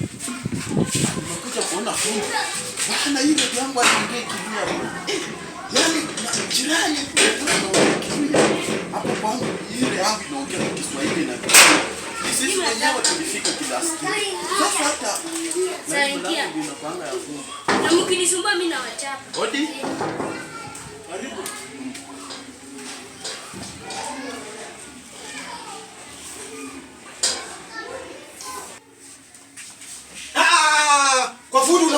Nimekuja kuona huyu bwana yule jambo aliongea kidunia eh, yani jirani anaongea kidunia hapo kwangu, ile yangu inaongea kwa Kiswahili na sisi wenyewe tulifika kidasi. Sasa hata sasa ingia. Na mkinisumbua mimi nawachapa. Odi.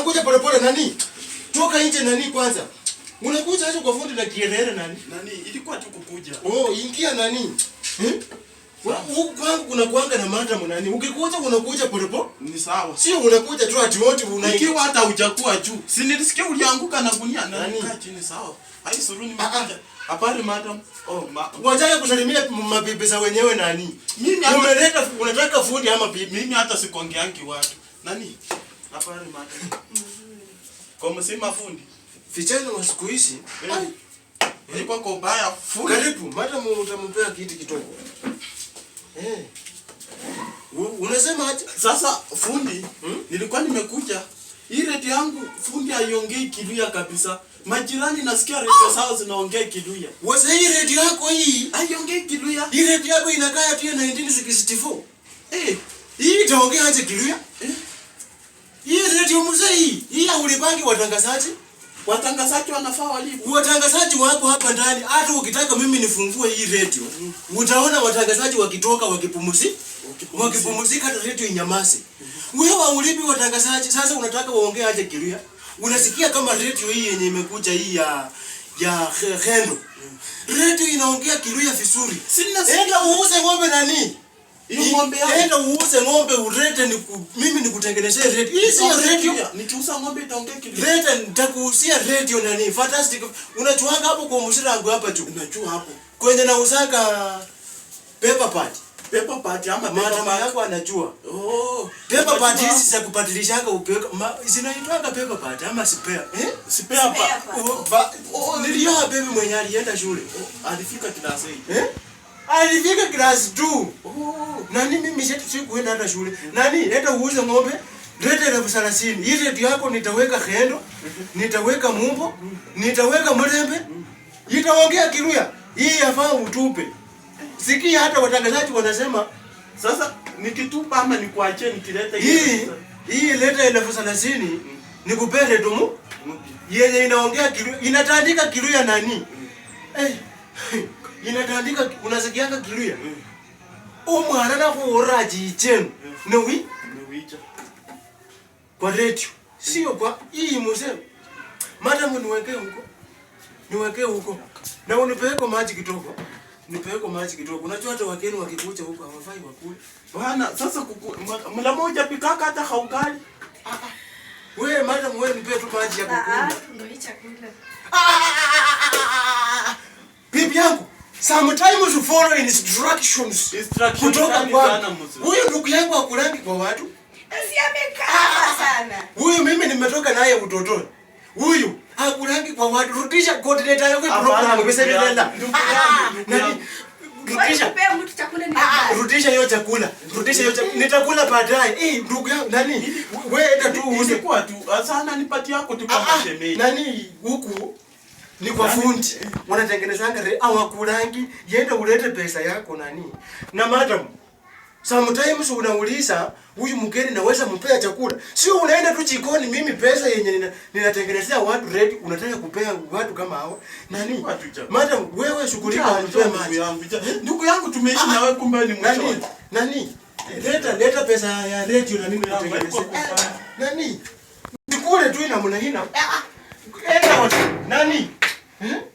unakuja polepole nani? Toka nje nani kwanza. Unakuja aje kwa fundi na kielele nani? Nani? Ilikuwa tu kukuja. Oh, ingia nani? Eh? Kwangu kuna kuanga na madam nani? Ukikuja unakuja polepole. Ni sawa. Sio unakuja tu ati wote una. Ikiwa hata hujakuwa juu. Si nilisikia ulianguka na gunia Nani? nikaa chini sawa. Hai suruni ah, ah. mkanja. Habari madam. Oh, ma. Unataka kusalimia mabibi za wenyewe nani? Mimi ameleta unataka fundi ama bibi? Mimi hata sikongeangi watu. Nani? Mm-hmm. Kwa msima fundi. Ficheni siku hizi. Eh. Ilikuwa kwa baya fundi. Karibu, madam utampea kiti kidogo. Eh. Unasema Sasa fundi, hmm? Nilikuwa nimekuja. Hii reti yangu fundi haiongei Kiluya kabisa. Majirani nasikia redio zao zinaongea Kiluya. Wasa hii reti yako hii haiongei Kiluya. Hii reti yako inakaa pia 1964. Eh, hii itaongea aje Kiluya? ndio mzee hii. Hii haulipangi watangazaji. Watangazaji wanafaa walipo. Watangazaji wako hapa ndani. Hata ukitaka mimi nifungue hii radio, utaona watangazaji wakitoka wakipumzika. Wakipumzika hata radio inyamaze. Wewe haulipi watangazaji. Sasa unataka waongee aje kiria Unasikia kama radio hii yenye imekuja hii ya ya Hendo. Mm. Radio inaongea kiria vizuri. Sina. Enda uuze ng'ombe nani? ng'ombe yako. Enda uuze ng'ombe urete ni ku, mimi nikutengenezee radio. Hii sio radio. Nikiuza ng'ombe itaongea kidogo. Leta nitakuuzia radio nani? Fantastic. Unajua hapo kwa mshira wangu hapa tu. Unajua hapo. Kwenye nauzaka paper pad. Paper pad ama paper pad yako anajua. Oh. Paper pad hizi za kubadilishanga upeka. Zinaitwanga paper pad ama spare. Eh? Spare hapa. Oh, niliona baby mwenye alienda shule. Oh, alifika kidarasa hii. Eh? alifika class 2. Oh. Nani mimi shetu si kuenda hata shule. Nani leta uuze ng'ombe, leta elfu thelathini. Hii tu yako nitaweka kendo, nitaweka mumbo, nitaweka mrembe. Itaongea Kiruya. Hii yafaa utupe. Sikia hata watangazaji wanasema sasa nikitupa ama nikuachie nikileta hii hii leta elfu thelathini mm. nikupende tu mu yenye inaongea Kiruya, inatandika Kiruya nani? Mm. Eh inatandika unasikianga kilia umwana nakuura chichenu newi kwa radio sio kwa hii museo madamu niwekee huko niwekee huko na unipeleko maji kidogo nipeleko maji kidogo. Unajua hata wageni wakikuja huko hawafai wakule. Bwana, sasa mla moja pikaka hata haugali. Ah ah. we madam, wewe nipe tu maji ya kukunywa. Ah, ah ndio chakula. Ah, ah, Bibi yangu, Sometimes you follow instructions kutoka kwa huyu ndugu yangu akulangi kwa watu. Ah, ah, ah. Huyu mimi nimetoka naye utotoni. Huyu akulangi kwa watu. Rudisha coordinator yako program umesendelea. Rudisha. Rudisha hiyo chakula. Rudisha hiyo chakula. Nitakula baadaye. Eh, ndugu yangu nani? Wewe enda tu uuze kwa tu. Sana nipatie yako tu kwa shemeji. Nani huku ni kwa yaani, fundi wanatengeneza gari awakulangi, yenda ulete pesa yako nani. Na madam, sometimes unauliza huyu mgeni naweza mpea chakula, sio unaenda tu jikoni, mimi pesa yenye ninatengenezea nina watu ready, unataka kupea watu kama hao nani? Madam, wewe shughulika, unipea maji ndugu yangu, tumeishi na wewe kumbe ni mchoyo nani. nani Leta leta pesa ya radio na mimi ah, natengenezea nani, nikule tu ina mna hina nani hmm